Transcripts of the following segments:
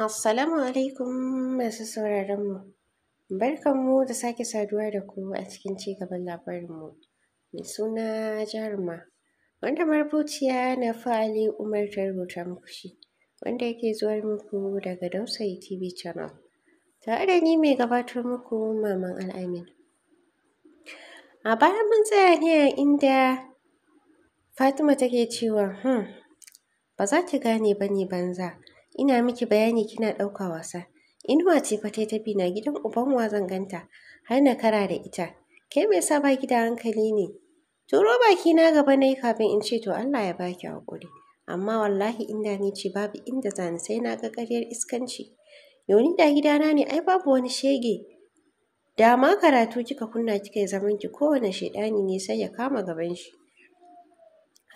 Assalamu alaikum masu sauraron mu. Barkanmu da sake saduwa da ku a cikin cigaban labarinmu. Mai suna Jaruma. Wanda marubuciya na fa'ali Umar ta rubuta muku shi. Wanda yake zuwa muku daga Dausayi TV channel. Tare da ni mai gabatar muku Maman Al'amin. A baya mun tsaya ne a inda Fatima take cewa, "Hmm, ba za ki gane ba ne banza." ina miki bayani kina ɗauka wasa inuwa ce fa ta tafi na gidan uban wa zan ganta har na kara da ita kai me yasa ba da hankali ne turo baki na gaba nayi kafin in ce to Allah ya baki hakuri amma wallahi inda ni ce babu inda zani sai na ga ƙaryar iskanci yoni da gidana ne ai babu wani shege da ma karatu kika kunna kika yi zaman ki kowane shedani ne sai ya kama gaban shi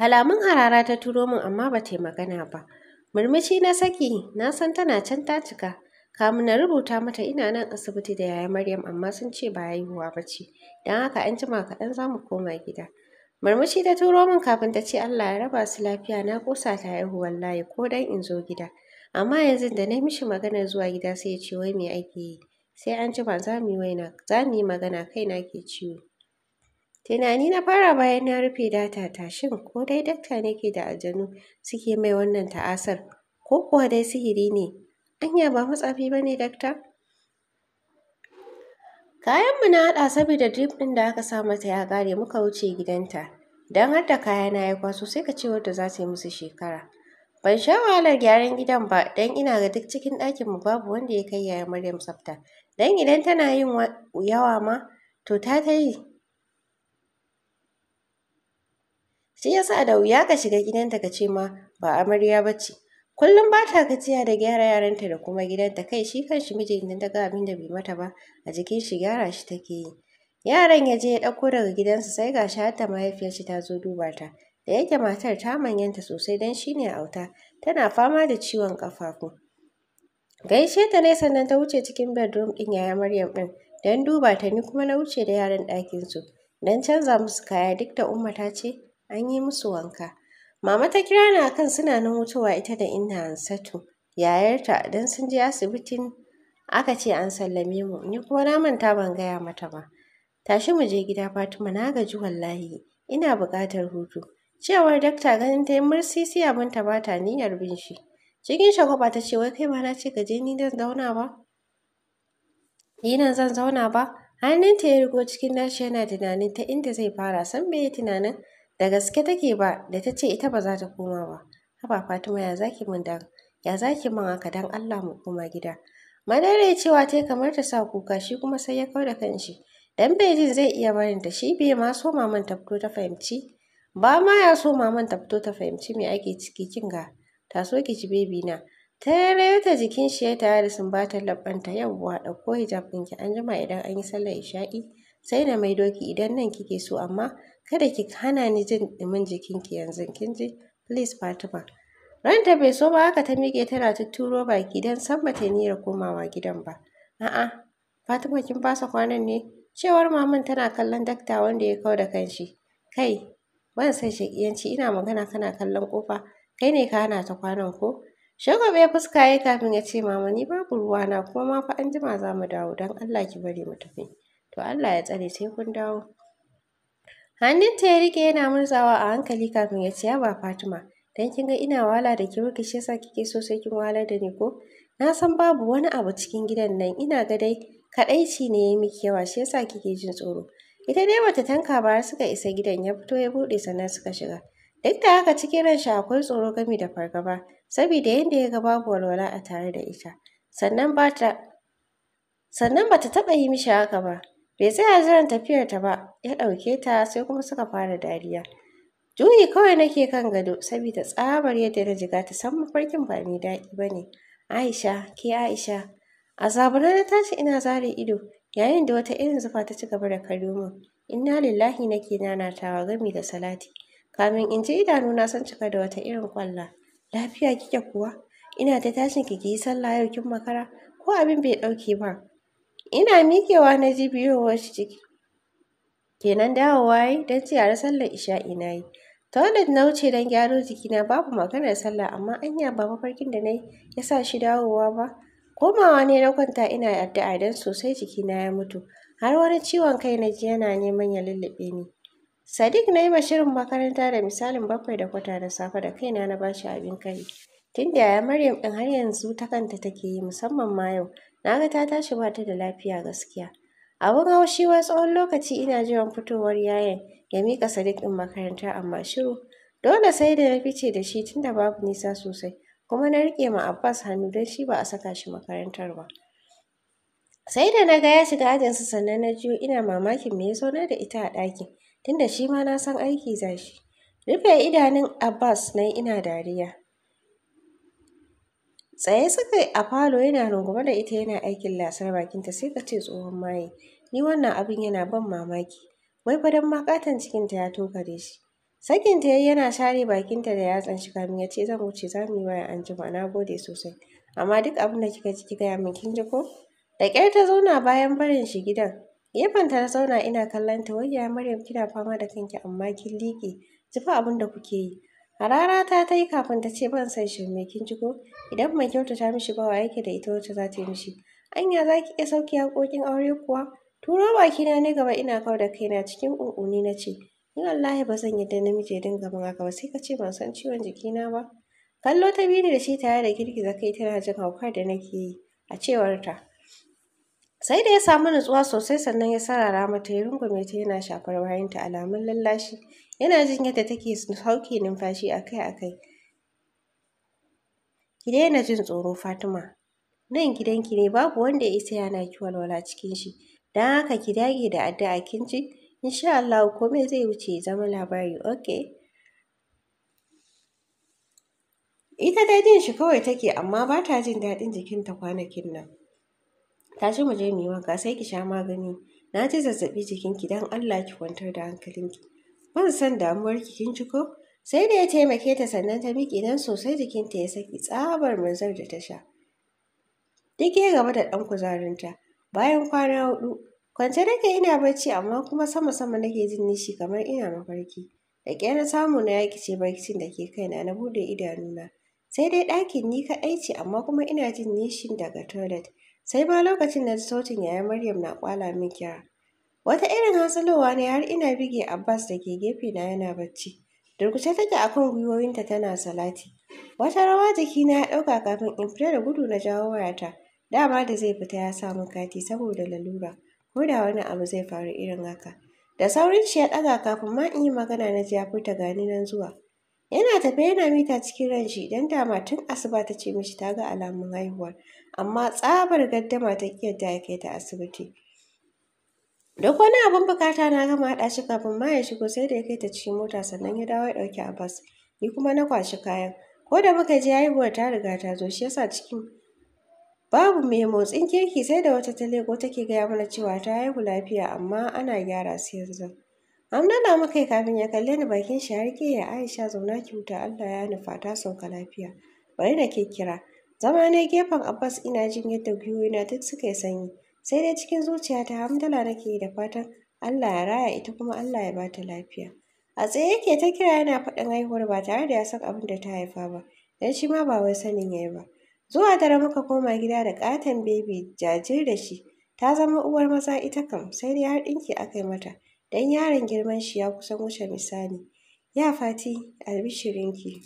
halamun harara ta turo min amma ba ta yi magana ba Murmushi na saki, na san tana can ta cika. Kamun na rubuta mata ina nan asibiti da yaya Maryam amma sun ce ba haihuwa ba ce. Don haka an jima kaɗan za mu koma gida. Murmushi ta turo min kafin ta ce Allah ya raba su lafiya na kosa ta haihu layi ko dan in zo gida. Amma yanzu da na mishi magana zuwa gida sai ya ce wai me ake yi. Sai an jima za mu yi magana kaina ke ciwo. Tunani na fara bayan na rufe data ta shin ko dai dakta ke da aljanu suke mai wannan ta'asar ko kuwa dai sihiri ne. Anya ba matsafi ba ne dakta? Kayanmu na haɗa saboda drip ɗin da aka sa mata ya ƙare muka wuce gidanta. Don har da kayana ya kwaso sai ka ce wadda za ta yi musu shekara. Ban sha wahalar gyaran gidan ba don ina ga duk cikin ɗakinmu babu wanda ya kai yaya Maryam tsafta. Don idan tana yin yawa ma to ta ta yi ya sa da wuya ka shiga gidanta ka ce ma ba amarya ba ce. Kullum ba ta gajiya da gyara yaranta da kuma gidanta kai shi kan shi mijin idan ta ga abin da bai mata ba a jikin shi gyara shi take yi. Yaran ya je ya ɗauko daga gidansa sai ga shi hatta mahaifiyar shi ta zo duba ta. Da yake matar ta manyanta sosai don shi ne auta tana fama da ciwon kafafu. Gaishe ta ne sannan ta wuce cikin bedroom ɗin yaya Maryam ɗin don duba ta ni kuma na wuce da yaran ɗakinsu don canza musu kaya duk da Umma ta ce an yi musu wanka. Mama ta kira ni akan suna nan mutuwa ita da inna Ansatu, yayarta don sun je asibitin aka ce an sallame mu ni kuma na manta ban gaya mata ba. Tashi mu je gida Fatima na gaji wallahi ina buƙatar hutu. Cewar dakta ganin ta yi mursisi abin ta bata niyyar bin shi. Cikin shagwaba ta ce wai kai ma na ce ka je ni zan zauna ba. Ni nan zan zauna ba. Hannunta ya rigo cikin nashi yana tunanin ta inda zai fara san bai tunanin Da gaske take ba da ta ce ita ba za ta koma ba. Haba Fatima ya zaki min dan ya zaki min haka dan Allah mu koma gida. Madare cewa yi kamar ta sa kuka shi kuma sai ya kauda da kanshi. Dan bejin zai iya barin ta shi bai ma so maman ta fito ta fahimci. Ba ma ya so maman ta fito ta fahimci me ake ciki kin ga. Ta so ki ci bebi na. Ta rayu ta jikin shi ya tare da sumbatar labbanta yawwa ɗauko hijab ɗinki an jima idan an yi sallar isha'i sai na maido ki idan nan kike so amma kada ki hana ni jin jikin jikinki yanzu kin ji please fatima ranta bai so ba haka ta miƙe tana tutturo baki don san bata niyyar komawa gidan ba a'a fatima kin fasa kwanan ne cewar maman tana kallon dakta wanda ya kau da kanshi kai ban san shakiyanci ina magana kana kallon kofa kai ne ka hana ta kwanan ko shago ya fuska ya kafin ya ce mama ni babu ruwa na kuma ma fa an jima za mu dawo don allah ki bari mu tafi to allah ya tsare sai kun dawo Hannunta ya rike yana murzawa a hankali kafin ya ce ba Fatima, Don kin ga ina wala da ki wuki shi yasa kike so sai kin wahalar da ni ko? Na san babu wani abu cikin gidan nan ina ga dai kadaici ne yayi miki yawa shi yasa kike jin tsoro. Ita dai bata tanka ba suka isa gidan ya fito ya bude sannan suka shiga. Duk da haka cikin ran shi akwai tsoro gami da fargaba saboda yadda ya ga babu walwala a tare da ita. Sannan bata sannan bata taba yi mishi haka ba. Bai tsaya jiran tafiyar ta ba, ya ɗauke ta sai kuma suka fara dariya. Juyi kawai nake kan gado sabida tsabar yadda na jiga ta san mafarkin ba mai daɗi ba ne. Aisha, ke Aisha. A zabura na tashi ina zare ido yayin da wata irin zufa ta ci gaba da karyo min. Inna lillahi nake nanatawa gami da salati. Kamin in ji idanuna sun cika da wata irin kwalla. Lafiya kike kuwa? Ina ta tashin ki yi sallah yau kin makara ko abin bai ɗauke ba. Ina miƙewa na ji biyowar shi ciki. Kenan dawowa yi don ce a sallar isha'i na yi. Toilet na wuce don gyaro jikina babu maganar sallah amma anya ba mafarkin da na yi ya sa shi dawowa ba. Komawa ne na kwanta ina addu'a don sosai jikina ya mutu. Har wani ciwon kai na ji yana neman ya lullube ni. Sadiq na yi ma shirin makaranta da misalin bakwai da kwata da safe da kaina na ba abin kari. Tun da ya Maryam ɗin har yanzu ta kanta take yi musamman ma yau. Na ga ta tashi ba ta da lafiya gaskiya. Abin haushi wa tsawon lokaci ina jiran fitowar yayan ya mika Sadiq makaranta amma shiru. Dole sai da na fice da shi tunda babu nisa sosai. Kuma na riƙe ma Abbas hannu don shi ba a saka shi makarantar ba. Sai da na ga ya shiga ajinsa sannan na jiyo ina mamakin me ya zauna da ita a ɗakin tunda shi ma na san aiki za shi. Rufe idanun Abbas na yi ina dariya. tsaye suka a falo yana rungume da ita yana aikin lasar bakinta sai ka ce tsohon maye ni wannan abin yana ban mamaki wai fadan makatan cikinta ya tokare shi sakin yayi yana share bakinta da yatsan shi kamin ya ce zan wuce za mu yi waya an jima na gode sosai amma duk abin da kika ji gaya min kin ji ko da ƙyar ta zauna bayan barin shi gidan gefen ta zauna ina kallon ta wai ya maryam kina fama da kanki amma kin liƙe ji fa abin da kuke yi harara ta ta yi kafin ta ce ban san shirme kin ji ko idan mai kyautata mishi bawa yake da ita wacce za ta yi mishi anya za ki iya sauki haƙoƙin aure kuwa turo bakina na gaba ina kawar da kaina cikin ƙunƙuni na ce ni wallahi ba zan yadda namiji ya dinga min haka ba sai ka ce ban san ciwon jikina ba kallo ta biyu da shi tare da girgiza kai tana jin haukar da nake yi a cewarta. sai da ya samu nutsuwa sosai sannan ya sarara mata ya rungume ta yana shafar bayanta alamun lallashi yana jin yadda take sauke numfashi akai-akai Ki daina jin tsoro Fatima. Nan gidanki ne babu wanda ya isa yana ki walwala cikin shi. Don haka ki dage da addu'a kin ji. Insha Allah komai zai wuce ya zama labari. Okay. Ita dai jin shi kawai take amma ba ta jin daɗin jikinta kwanakin nan. Tashi mu je mu yi wanka sai ki sha magani. Na ji zazzabi jikinki don Allah ki kwantar da hankalinki. Ban san damuwarki kin ji ko? sai da ya taimake ta sannan ta miƙe don sosai jikinta ya saki tsabar murzar da ta sha duk ya gaba da ɗan kuzarinta bayan kwana hudu kwance nake ina barci amma kuma sama sama nake jin nishi kamar ina mafarki da ƙyar samu na yaki ce barkicin da ke kaina na buɗe idanuna sai dai ɗakin ni kaɗai ce amma kuma ina jin nishin daga toilet sai ma lokacin da ji sautin yayan maryam na kwala min kira wata irin hasalowa ne har ina bige abbas da ke gefe na yana barci. durkushe take akan gwiwoyinta tana salati wata rawa jikina ya ɗauka kafin in fita da gudu na jawo wayata dama da zai fita ya samu kati saboda lalura ko da wani abu zai faru irin haka da saurin shi ya ɗaga kafin ma in yi magana na ji ya furta gani nan zuwa yana tafe yana mita cikin ran shi idan dama tun asuba ta ce mishi ta ga alamun haihuwa, amma tsabar gaddama ta kiyar da ya kai ta asibiti Duk wani abin bukata na gama haɗa shi kafin ma ya shigo sai da ya kai ta cikin mota sannan ya dawo ya ɗauki Abbas. Ni kuma na kwashi kayan. Ko da muka je haihuwar ta riga ta zo shi yasa cikin babu mai motsin kirki sai da wata ta lego take gaya mana cewa ta haihu lafiya amma ana gyara su yanzu. na muka yi kafin ya kalle ni bakin shi har ke ya Aisha zauna ki huta Allah ya nufa ta sauka lafiya. Bari na ke kira. Zama ne gefen Abbas ina jin yadda gwiwoyina duk suka yi sanyi. sai dai cikin zuciya zuciyata hamdala nake yi da fatan Allah ya raya ita kuma Allah ya bata lafiya a tsaye yake ta kira yana faɗin haihuwar ba tare da ya san abin da ta haifa ba dan shi ma ba wai sanin yi ba zuwa dare muka koma gida da katon bebi jajir da shi ta zama uwar maza ita kam sai dai har ɗinki aka yi mata dan yaron girman shi ya kusan wuce misali ya fati albishirinki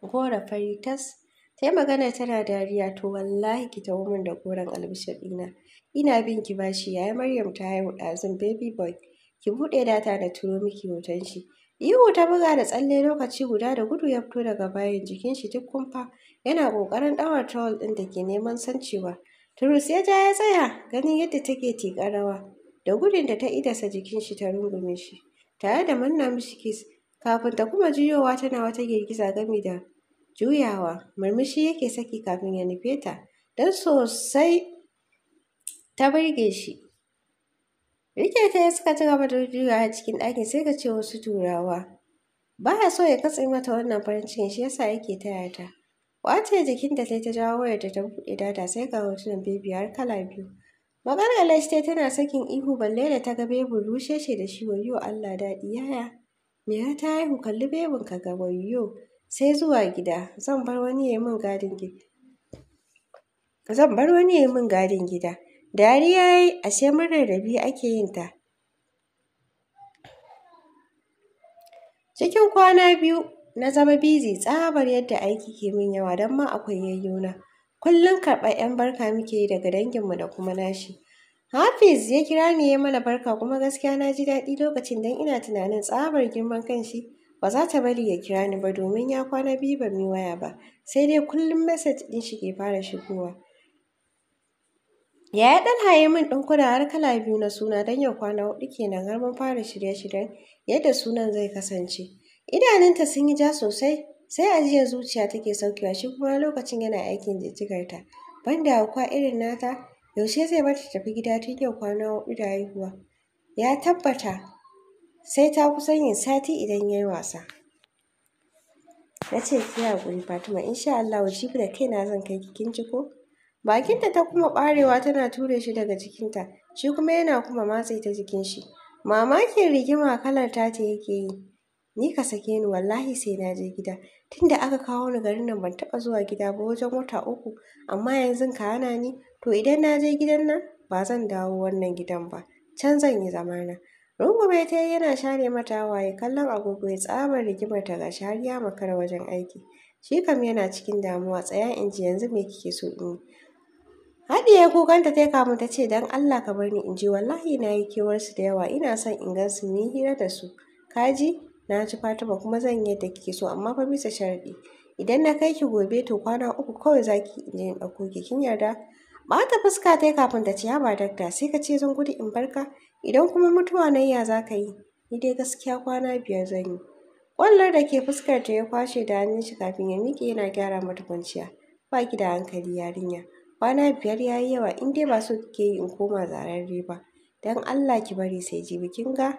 gora fari tas ta yi magana tana dariya to wallahi ki ta min da goron albishir ɗina Ina bin ki ba bashi yaya Maryam ta haihu ɗazun baby boy. Ki buɗe data da turo miki hoton shi. Ihu ta buga da tsalle lokaci guda da gudu ya fito daga bayan jikin shi duk kumfa yana ƙoƙarin ɗawar towel ɗin da ke neman san cewa. Turus ya ja ya tsaya ganin yadda take tiƙa rawa da gudun da ta idasa jikin shi ta rungume shi tare da manna mishi kis kafin ta kuma juyowa tana wata girgiza gami da juyawa murmushi yake saki kafin ya nufe ta don sosai ta burge shi rike ta ya suka ci gaba da a cikin ɗakin sai ka ce wasu turawa ba ya so ya katse mata wannan farin cikin shi yasa yake taya ta wace jikin da ta jawo wayar da ta buɗe data sai ga hotunan bebi har kala biyu maganar shi tana sakin ihu balle da ta ga bebin rushe shi da shi wayo Allah daɗi yaya me ya ta haihu kalli bebin ka ga wayo sai zuwa gida zan bar wani ya yi min gadin gida zan bar wani ya yi min gadin gida Dariya ya yi, ashe murnar Rabi ake yin ta. Cikin kwana biyu na zama bizi tsabar yadda aiki ke min yawa don ma akwai yayyuna. Kullum karɓa 'yan barka muke yi daga danginmu da kuma nashi. Hafiz ya kira ni ya mana barka kuma gaskiya na ji daɗi lokacin don ina tunanin tsabar girman kanshi ba za ta bari ya kira ni ba domin ya kwana biyu ba muyi waya ba sai dai kullum message ɗin shi ke fara shigowa. Ya yi ɗan haye min kuna har kala biyu na suna don yau kwana hudu kenan har mun fara shirye-shiryen yadda sunan zai kasance. Idanunta sun yi ja sosai, sai ajiyar zuciya take saukewa shi kuma lokacin yana aikin jijjigarta. Ban da kwa irin nata, yaushe zai bar ta tafi gida tun yau kwana hudu da haihuwa. Ya tabbata sai ta kusan yin sati idan ya yi wasa. Na ce ki guri Fatima, insha Allah jibi da kaina zan kai ki kin bakinta ta kuma barewa tana ture shi daga jikinta shi kuma yana kuma matse ta jikin shi mamakin rigima kalar ta ta yake yi ni ka sake ni wallahi sai na je gida tunda aka kawo ni garin nan ban taba zuwa gida ba wajen wata uku amma yanzu ka hana ni to idan na je gidan nan ba zan dawo wannan gidan ba can zan yi zamana rungume ta yana share mata waye kallon agogo ya tsabar rigimar ta ga shariya makar wajen aiki shi kam yana cikin damuwa tsaya inji yanzu me kike so in yi ya kukanta ta kamun ta ce don Allah ka bar ni in ji wallahi na yi kewarsu da yawa ina son in gan su ni hira da su. Kaji na ji Fatima kuma zan yi yadda kike so amma fa bisa sharɗi. Idan na kai ki gobe to kwana uku kawai za ki in je in ɗauko ki kin yarda. Bata fuska ta kafin ta ce haba dakta sai ka ce zan gudu in barka idan kuma mutuwa nan ya za ka yi. Ni dai gaskiya kwana biyar zan yi. ƙwallon da ke fuskar ta ya kwashe da hannun shi kafin ya miƙe yana gyara mata kwanciya. Ba ki da hankali yarinya. Kwana biyar ya yi yawa in dai ba so kike yi in koma zararre ba. Don Allah ki bari sai jibi kin ga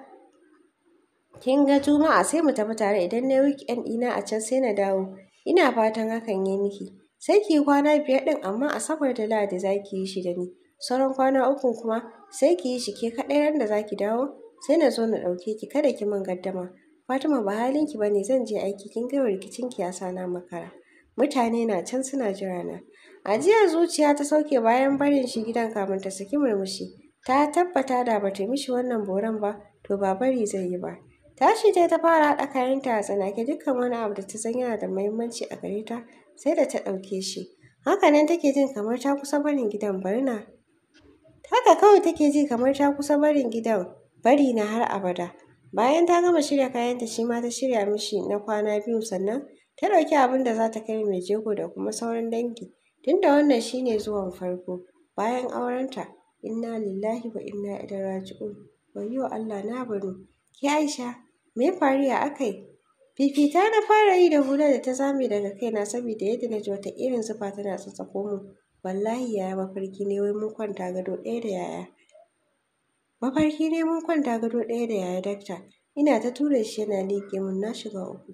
kin ga Juma'a sai mu tafi tare idan na yi weekend ɗina a can sai na dawo. Ina fatan hakan ya miki. Sai ki kwana biyar ɗin amma Asabar da Lahadi za ki yi shi da ni. Sauran kwana ukun kuma sai ki yi shi ke kaɗai ran da za ki dawo sai na zo na ɗauke ki kada ki min gaddama. Fatima ba halin ki ba ne zan je aiki kin ga rikicinki ya sa na makara. Mutane na can suna jira na. Ajiyar zuciya ta sauke bayan barin shi gidan kafin ta saki murmushi. Ta tabbata da bata mishi wannan boran ba, to ba bari zai yi ba. Tashi dai ta fara haɗa kayanta a tsanake dukkan wani abu da ta san yana da muhimmanci a gare ta, sai da ta ɗauke shi. Haka nan take jin kamar ta kusa barin gidan bari Haka kawai take ji kamar ta kusa barin gidan bari na har abada. Bayan ta gama shirya kayanta shi ma ta shirya mishi na kwana biyu sannan ta ɗauki abin da za ta kai mai jego da kuma sauran dangi. tunda wannan shine zuwan farko bayan aurenta. Inna lillahi wa inna ilaihi raji'un. Wayyo Allah na baro. Ki Aisha, me fariya faru Fifita na fara yi da hula da ta zame daga kai na saboda yadda na ji wata irin zufa tana tsatsako mu Wallahi yaya mafarki ne wai mun kwanta gado ɗaya da yaya. Mafarki ne mun kwanta gado ɗaya da yaya dakta. Ina ta ture shi yana liƙe mun na shiga uku.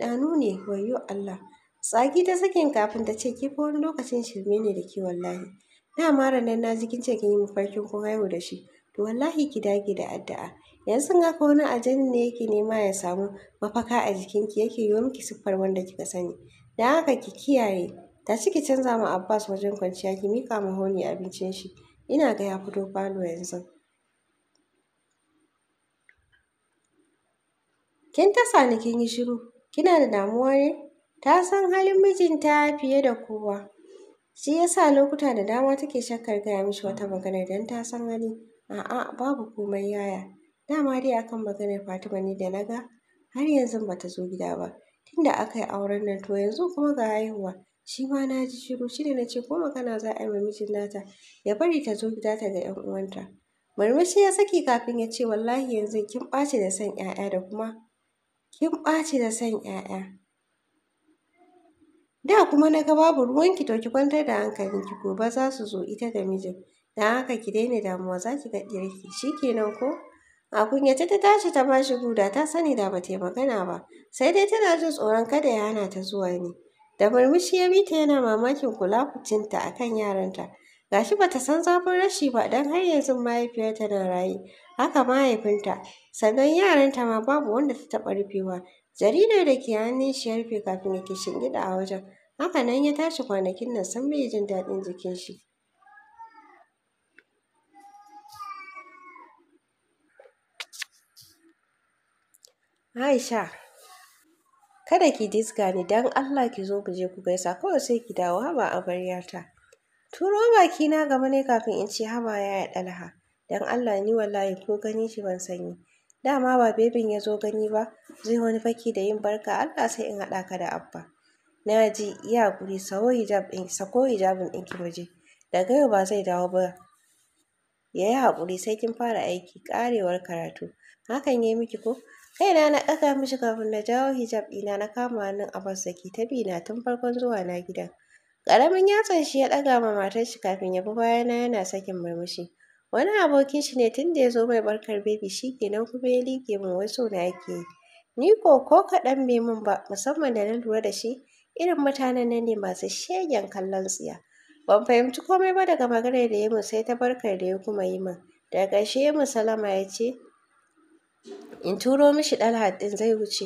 ɗanu ne wayyo Allah. Tsaki ta sakin kafin ta ce kifi wani lokacin shirme ne da ke wallahi. na mara nan na ji kin ce kin yi mafarkin ko haihu da shi. To wallahi ki dage da addu'a. Yanzu haka wani ajin ne yake nema ya samu mafaka a jikin jikinki yake yi miki siffar wanda kika sani. Da haka ki kiyaye. Ta ci ki canza ma Abbas wajen kwanciya ki mika ma honi abincin shi. Ina ga ya fito falo yanzu. Kin tasa ni kin yi shiru. Kina da damuwa ne? Ta san halin mijinta fiye da kowa. Shi ya sa lokuta da dama take shakkar gaya mishi wata magana don ta san hali. A'a, babu komai yaya. Dama dai akan maganar Fatima ne da na ga har yanzu bata zo gida ba. Tunda aka yi auren nan to yanzu kuma ga haihuwa. Shi ma na ji shiru shi ne na ce ko magana za a yi ma mijin nata ya bari ta zo gida ta ga 'yan uwanta. Murmushi ya saki kafin ya ce wallahi yanzu kin ɓaci da son 'ya'ya da kuma kin ɓaci da son 'ya'ya. Da kuma na ga babu ruwanki to ki kwantar da hankalinki gobe za su zo ita da mijin. Da haka ki daina damuwa za ki ga ɗirki shi kenan ko? A kunyata ta tashi ta bashi guda ta sani da ba ta magana ba, sai dai tana jin tsoron kada ya hana ta zuwa ne. Da murmushi ya bi ta yana mamakin kula kucinta a kan yaranta. Gashi ba ta san zafin rashi ba dan har yanzu mahaifiyarta na raye, haka mahaifinta, sannan yaranta ma babu wanda ta taɓa rufewa. Jaridar da ke hannun shi ya rufe kafin ya shingida a wajen. Haka nan ya tashi kwanakin nan san bai jin daɗin jikin shi. Aisha, kada ki diska ni dan Allah ki zo ku je ku gaisa kawai sai ki dawo haba a amaryata. Turo baki na gaba ne kafin in ce haba yaya ɗalha. dan Allah ni wallahi ko gani shi ban sanyi. dama ba bebin ya zo gani ba zai wani faki da yin barka Allah sai in haɗa ka da abba na ji ya guri sako hijabin ki waje daga yau ba zai dawo ba ya yi haƙuri sai kin fara aiki Karewar karatu hakan ya yi miki ko kaina na ɗaga mishi kafin na jawo hijab ɗina na kama hannun abbas da ke ta bina tun farkon zuwa na gidan ƙaramin yatsan shi ya ɗaga ma matar shi kafin ya bi bayana yana sakin murmushi Wani abokin shi ne tun da ya zo mai barkar baby shi kenan kuma ya liƙe min wai so na yake yi. Ni ko ko kaɗan bai min ba musamman da na lura da shi irin mutanen nan ne masu shegen kallon tsiya. Ban fahimci komai ba daga maganar da ya min sai ta barkar da ya kuma yi min. Daga ƙarshe ya min salama ya ce in turo mishi ɗalhat ɗin zai wuce.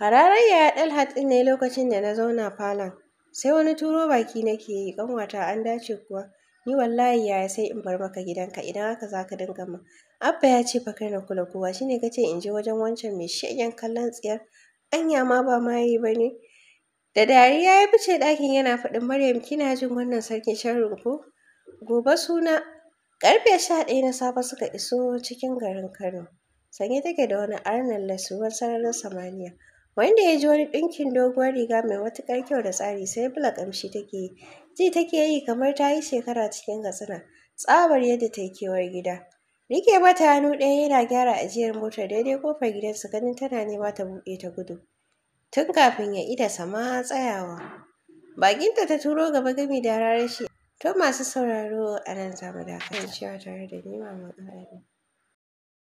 Hararar yaya ɗalhat ɗin ne lokacin da na zauna falon. Sai wani turo baki nake yi ƙanwata an dace kuwa. Ni wallahi yaya sai in bar maka gidanka idan haka za ka dinga ma. Abba ya ce fa kaina na kula kowa shine ka ce in je wajen wancan mai shegen kallon tsiyar. Anya ma ba maye ba ne. Da dariya ya fice dakin yana faɗin Maryam kina jin wannan sarkin sharrin ko? Gobe suna Karfe sha ɗaya na safe suka iso cikin garin Kano. Sanye take da wani arnan lasuwar sararin samaniya. wanda ya ji wani ɗinkin doguwar riga mai matuƙar kyau da tsari sai bula ƙamshi take yi ji take yi kamar ta yi shekara cikin katsina tsabar yadda ta yi kewar gida rike mata hannu ɗaya yana gyara ajiyar motar daidai kofar gidansu ganin tana nema ta buɗe ta gudu tun kafin ya ida sama tsayawa bakinta ta turo gaba gami da rarashi to masu sauraro a nan za mu dakata cewa tare da ni maman